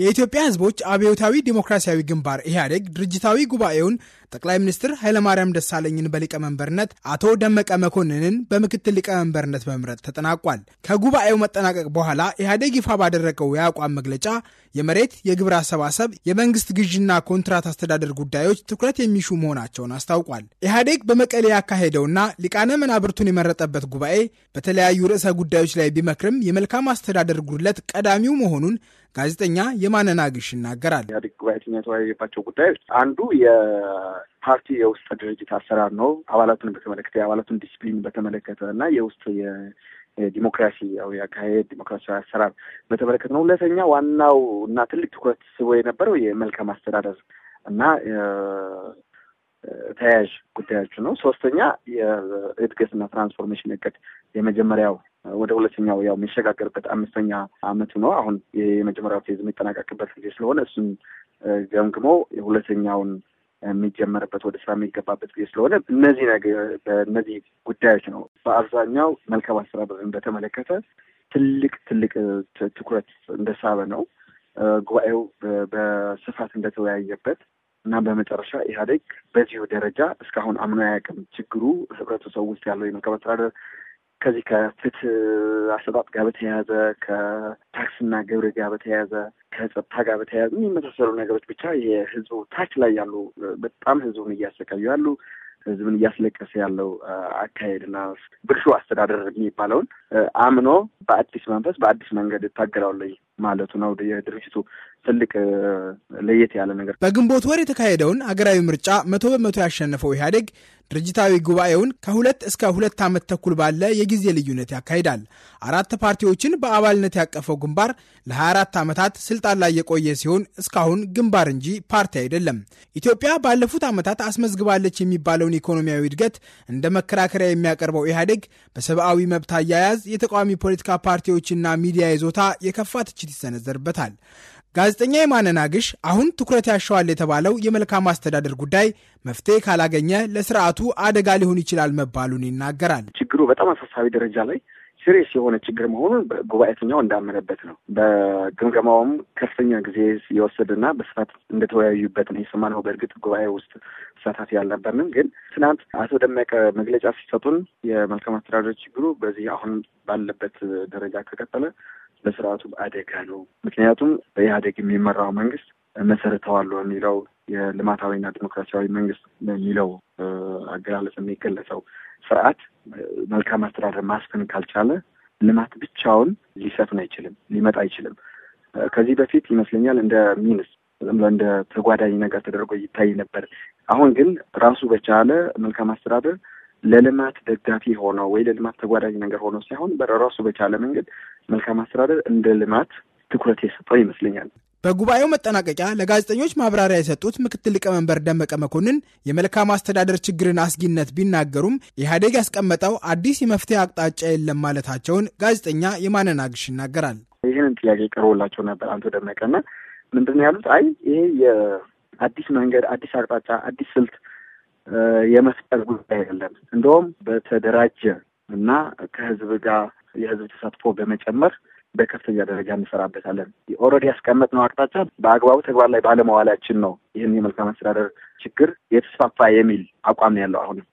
የኢትዮጵያ ህዝቦች አብዮታዊ ዲሞክራሲያዊ ግንባር ኢህአዴግ ድርጅታዊ ጉባኤውን ጠቅላይ ሚኒስትር ኃይለማርያም ደሳለኝን በሊቀመንበርነት አቶ ደመቀ መኮንንን በምክትል ሊቀመንበርነት መምረጥ ተጠናቋል። ከጉባኤው መጠናቀቅ በኋላ ኢህአዴግ ይፋ ባደረገው የአቋም መግለጫ የመሬት፣ የግብር አሰባሰብ፣ የመንግስት ግዥና ኮንትራት አስተዳደር ጉዳዮች ትኩረት የሚሹ መሆናቸውን አስታውቋል። ኢህአዴግ በመቀሌ ያካሄደውና ሊቃነ መናብርቱን የመረጠበት ጉባኤ በተለያዩ ርዕሰ ጉዳዮች ላይ ቢመክርም የመልካም አስተዳደር ጉድለት ቀዳሚው መሆኑን ጋዜጠኛ የማነናግሽ ይናገራል። ኢህአዴግ ጉባኤ የተወያየባቸው ጉዳዮች አንዱ የፓርቲ የውስጥ ድርጅት አሰራር ነው። አባላቱን በተመለከተ የአባላቱን ዲስፕሊን በተመለከተ እና የውስጥ የዲሞክራሲያዊ የአካሄድ ዲሞክራሲያዊ አሰራር በተመለከተ ነው። ሁለተኛ ዋናው እና ትልቅ ትኩረት ስቦ የነበረው የመልካም አስተዳደር እና ተያያዥ ጉዳዮች ነው። ሶስተኛ የእድገትና ትራንስፎርሜሽን እቅድ የመጀመሪያው ወደ ሁለተኛው ያው የሚሸጋገርበት አምስተኛ አመቱ ነው። አሁን የመጀመሪያው ፌዝ የሚጠናቀቅበት ጊዜ ስለሆነ እሱን ገምግሞ የሁለተኛውን የሚጀመርበት ወደ ስራ የሚገባበት ጊዜ ስለሆነ እነዚህ ነገር በእነዚህ ጉዳዮች ነው በአብዛኛው መልካም አስተዳደርን በተመለከተ ትልቅ ትልቅ ትኩረት እንደሳበ ነው ጉባኤው በስፋት እንደተወያየበት እና በመጨረሻ ኢህአዴግ በዚሁ ደረጃ እስካሁን አምኖ አያውቅም። ችግሩ ህብረተሰቡ ውስጥ ያለው የመልካም አስተዳደር ከዚህ ከፍትህ አሰጣጥ ጋር በተያያዘ ከታክስና ግብር ጋር በተያያዘ ከጸጥታ ጋር በተያያዘ የሚመሳሰሉ ነገሮች ብቻ የህዝቡ ታች ላይ ያሉ በጣም ህዝቡን እያሰቃዩ ያሉ ህዝብን እያስለቀሰ ያለው አካሄድና ብልሹ አስተዳደር የሚባለውን አምኖ በአዲስ መንፈስ በአዲስ መንገድ እታገላለሁ ማለቱ ነው የድርጅቱ ትልቅ ለየት ያለ ነገር። በግንቦት ወር የተካሄደውን አገራዊ ምርጫ መቶ በመቶ ያሸነፈው ኢህአዴግ ድርጅታዊ ጉባኤውን ከሁለት እስከ ሁለት ዓመት ተኩል ባለ የጊዜ ልዩነት ያካሂዳል። አራት ፓርቲዎችን በአባልነት ያቀፈው ግንባር ለ24 ዓመታት ስልጣን ላይ የቆየ ሲሆን እስካሁን ግንባር እንጂ ፓርቲ አይደለም። ኢትዮጵያ ባለፉት ዓመታት አስመዝግባለች የሚባለውን ኢኮኖሚያዊ እድገት እንደ መከራከሪያ የሚያቀርበው ኢህአዴግ በሰብአዊ መብት አያያዝ የተቃዋሚ ፖለቲካ ፓርቲዎችና ሚዲያ ይዞታ የከፋ ትችት ይሰነዘርበታል። ጋዜጠኛ የማነ ናግሽ አሁን ትኩረት ያሸዋል የተባለው የመልካም አስተዳደር ጉዳይ መፍትሄ ካላገኘ ለስርዓቱ አደጋ ሊሆን ይችላል መባሉን ይናገራል። ችግሩ በጣም አሳሳቢ ደረጃ ላይ ሲሪየስ የሆነ ችግር መሆኑን ጉባኤተኛው እንዳመነበት ነው። በግምገማውም ከፍተኛ ጊዜ የወሰደና በስፋት እንደተወያዩበት ነው የሰማነው። በእርግጥ ጉባኤ ውስጥ ተሳታፊ ያልነበርንም፣ ግን ትናንት አቶ ደመቀ መግለጫ ሲሰጡን የመልካም አስተዳደር ችግሩ በዚህ አሁን ባለበት ደረጃ ከቀጠለ ለስርዓቱ አደጋ ነው። ምክንያቱም በኢህአዴግ የሚመራው መንግስት መሰረተዋለሁ የሚለው የልማታዊና ዲሞክራሲያዊ መንግስት የሚለው አገላለጽ የሚገለጸው ስርዓት መልካም አስተዳደር ማስፈን ካልቻለ ልማት ብቻውን ሊሰፍን አይችልም፣ ሊመጣ አይችልም። ከዚህ በፊት ይመስለኛል እንደ ሚንስ እንደ ተጓዳኝ ነገር ተደርጎ ይታይ ነበር። አሁን ግን ራሱ በቻለ መልካም አስተዳደር ለልማት ደጋፊ ሆኖ ወይ ለልማት ተጓዳኝ ነገር ሆኖ ሳይሆን በራሱ በቻለ መንገድ መልካም አስተዳደር እንደ ልማት ትኩረት የሰጠው ይመስለኛል። በጉባኤው መጠናቀቂያ ለጋዜጠኞች ማብራሪያ የሰጡት ምክትል ሊቀመንበር ደመቀ መኮንን የመልካም አስተዳደር ችግርን አስጊነት ቢናገሩም ኢህአዴግ ያስቀመጠው አዲስ የመፍትሄ አቅጣጫ የለም ማለታቸውን ጋዜጠኛ የማነናግሽ ይናገራል። ይህንን ጥያቄ ቀርቦላቸው ነበር አንቶ ደመቀና ምንድን ነው ያሉት? አይ ይሄ የአዲስ መንገድ፣ አዲስ አቅጣጫ፣ አዲስ ስልት የመፍጠር ጉዳይ አይደለም። እንደውም በተደራጀ እና ከህዝብ ጋር የህዝብ ተሳትፎ በመጨመር በከፍተኛ ደረጃ እንሰራበታለን። ኦልሬዲ ያስቀመጥነው አቅጣጫ በአግባቡ ተግባር ላይ ባለመዋላችን ነው ይህን የመልካም አስተዳደር ችግር የተስፋፋ የሚል አቋም ነው ያለው አሁንም